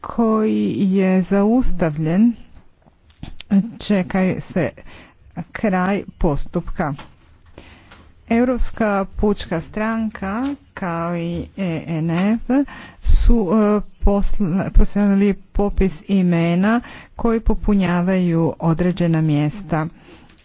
koji je zaustavljen čeka se kraj postupka. Europska pučka stranka kao i ENF su e, poslali popis imena koji popunjavaju određena mjesta.